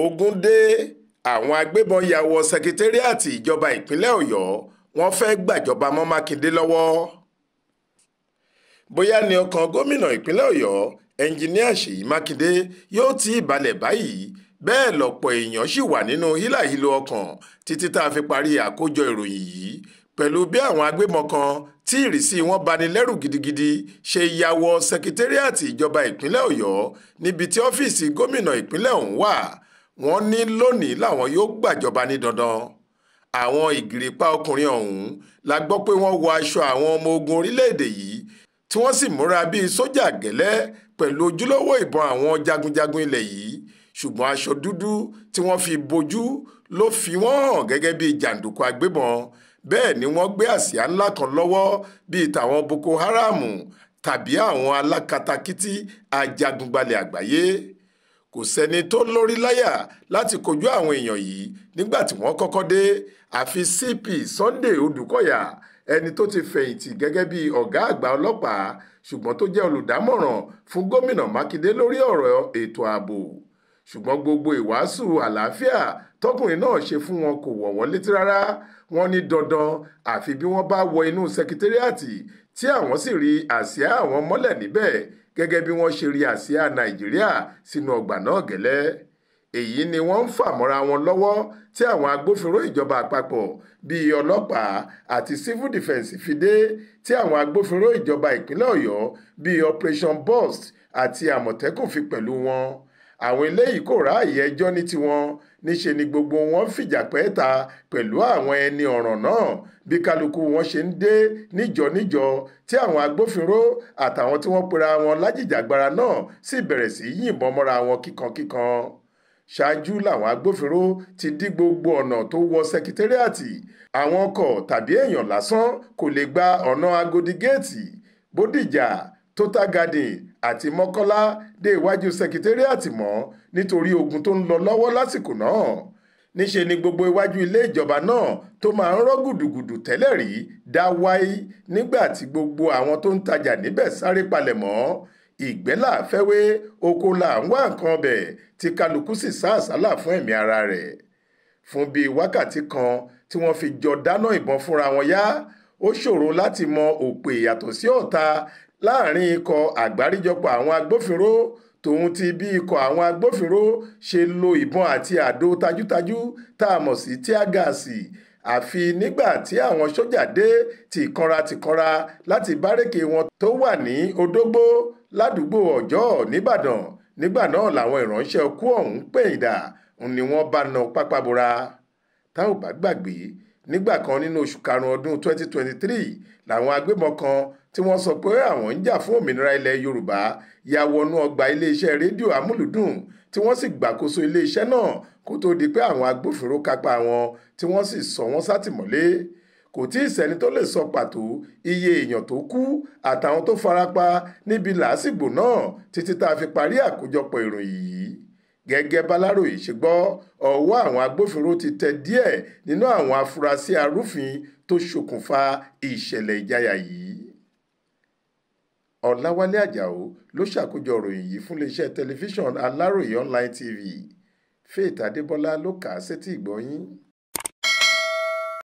ogun dé àwọn agbébọn ya wọ sekitẹ́ríàtì ìjọba ìpínlẹ̀ ọ̀yọ́ wọ́n fẹ́ẹ́ gbàjọba mọ́ mákindé lọ́wọ́ bóyá ni ọkàn gómìnà ìpínlẹ̀ ọ̀yọ́ ẹnjiníà ṣèyí mákindé yóò ti ìbalẹ̀ báyìí bẹ́ẹ̀ lọ̀pọ̀ èèyàn sì wà nínú hílàhílo ọkàn títí tá a fi parí àkójọ ìròyìn yìí pẹ̀lú bí àwọn agbébọn kan tí ìrísí wọn bani lẹ́rù gidigidi ṣe ya wọ sekitẹ́ríàtì ìjọba ìpínlẹ̀ ọ̀yọ́ níbi tí ọ́fíìsì gómìnà ìpínlẹ̀ ọ̀hún wà wọ́n ní lónìí làwọn yóò gbàjọba ní dandan àwọn ìgìrìpá ọkùnrin ọ̀hún la gbọ́ pé wọ́n wọ aṣọ àwọn ọmọ ogun orílẹ̀-èdè yìí tí wọ́n sì múra bíi sójà gẹ́lẹ́ pẹ̀lú ojúlówó ìbọn àwọn jagunjagun ilẹ̀ yìí ṣùgbọ́n aṣọ dúdú tí wọ́n fi bojú ló fi wọ́n hàn gẹ́gẹ́ bíi jàǹdùkú agbébọn bẹ́ẹ̀ ni wọ́n gbé àsíá ńlá kan lọ́wọ́ bíi tàwọn Boko Haram tàbí àwọn alákatakítí ajagungbalẹ̀ àgbáyé kò sẹ́ni tó lórí láyà láti kojú àwọn èèyàn yìí nígbà tí wọ́n kọ́kọ́ dé àfi CP Sunday Odùkọ̀yà ẹni tó ti fẹ̀yìntì gẹ́gẹ́ bí ọ̀gá àgbà ọlọ́pàá ṣùgbọ́n tó jẹ́ olùdámọ̀ràn fún gómìnà Mákindé lórí ọ̀rọ̀ ètò ààbò ṣùgbọ́n gbogbo ìwàásù àlàáfíà tọkùnrin náà ṣe fún wọn kò wọ̀ wọ́n létí rárá wọ́n ní dandan àfi bí wọ́n bá wọ inú sekitériàtì tí àwọn sì rí àsíá àwọn mọ́lẹ̀ níbẹ̀ gẹ́gẹ́ bí wọ́n ṣe rí àsíá nàìjíríà sínú ọgbà náà gẹ́lẹ́ èyí ni wọ́n ń fà mọ́ra wọn lọ́wọ́ tí àwọn agbófinró ìjọba àpapọ̀ bíi ọlọ́pàá àti civil defence fi dé tí àwọn agbófinró ìjọba ìpínlẹ̀ ọ̀yọ́ bíi operation burst àti àmọ̀tẹ́kùn fi pẹ̀lú wọn àwọn eléyìí kò ráàyè ẹjọ́ ní tiwọn níṣe ni gbogbo wọn fìjà pẹ́ẹ́ta pẹ̀lú àwọn ẹni ọ̀ràn náà bí kálukú wọn ṣe ń dé níjọ níjọ tí àwọn agbófinró àtàwọn tí wọ́n pera wọn lájìjàgbara náà sì bẹ̀rẹ̀ sí yìnbọn mọ́ra wọn kíkankíkan ṣáájú làwọn agbófinró ti dí gbogbo ọ̀nà tó wọ sẹkítẹ́rìàtì àwọn ọkọ̀ tàbí èèyàn lásán kò lè gba ọ̀nà agodi géètì bódìjà total garden àti mọ́kọ́lá dé iwájú sekitérìàtì mọ́ nítorí ogun tó ń lọ lọ́wọ́ lásìkò náà níṣe ni gbogbo iwájú ilé ìjọba náà tó máa ń rọ́ gùdùgùdù tẹ́lẹ̀ rí dá wáyé nígbà tí gbogbo àwọn tó ń tajà níbẹ̀ sáré palẹ̀ mọ́ ìgbẹ́ là fẹ́wé oko là ń wá nǹkan ọbẹ̀ tí kálukú sì sá àsálà fún ẹ̀mí ara rẹ̀ fún bíi wákàtí kan tí wọ́n fi jọ dáná ìbọn fúnra wọn yá ó ṣòro láti mọ òpè yàtọ̀ sí ọ̀tá láàrin ikọ̀ àgbáríjọpọ̀ àwọn agbófinró tòun ti bí ikọ̀ àwọn agbófinró ṣe lo ìbọn àti àdó tajútajú tá a mọ̀ sí tíágáàsì àfi nígbà tí àwọn sójà dé tìkanra-tìkanra láti bárẹ́kè wọn tó wà ní odógbó ládùúgbò ọjọ́ nìbàdàn nígbà náà làwọn ìránṣẹ́ ọkú ọ̀hún pẹ̀yìndà ni wọ́n bá na pápá bora tá ò bá gbàgbé nígbà kan nínú oṣù karùn-ún ọdún 2023 làwọn agbébọn kan tí wọ́n sọ pé àwọn ń jà fún òmìnira ilẹ̀ yorùbá ya wọnú ọgbà iléeṣẹ́ rédíò amúlùdùn tí wọ́n sì gbàkóso iléeṣẹ́ náà kó tó di pé àwọn agbófinró kápá wọn tí wọ́n sì sọ wọ́n sátìmọ́lé kò tí ì sẹ́ni tó lè sọ pàtó iye èèyàn tó kú àtàwọn tó farapa níbi làásìgbò náà títí tá a fi parí àkójọpọ̀ ìròyìn yìí gẹ́gẹ́ bàlàròyé ṣe gbọ́ ọwọ́ àwọn agbófinró ti tẹ díẹ̀ nínú àwọn afurasí arúfin tó ṣokùnfà ìṣẹ̀lẹ̀ ìjayà yìí ọ̀làwálé àjàó ló ṣàkójọ ròyìn yìí fún iléeṣẹ́ tẹlifíṣàn aláròyé online tv faith adébọlá ló kà á sétí ìgbọ́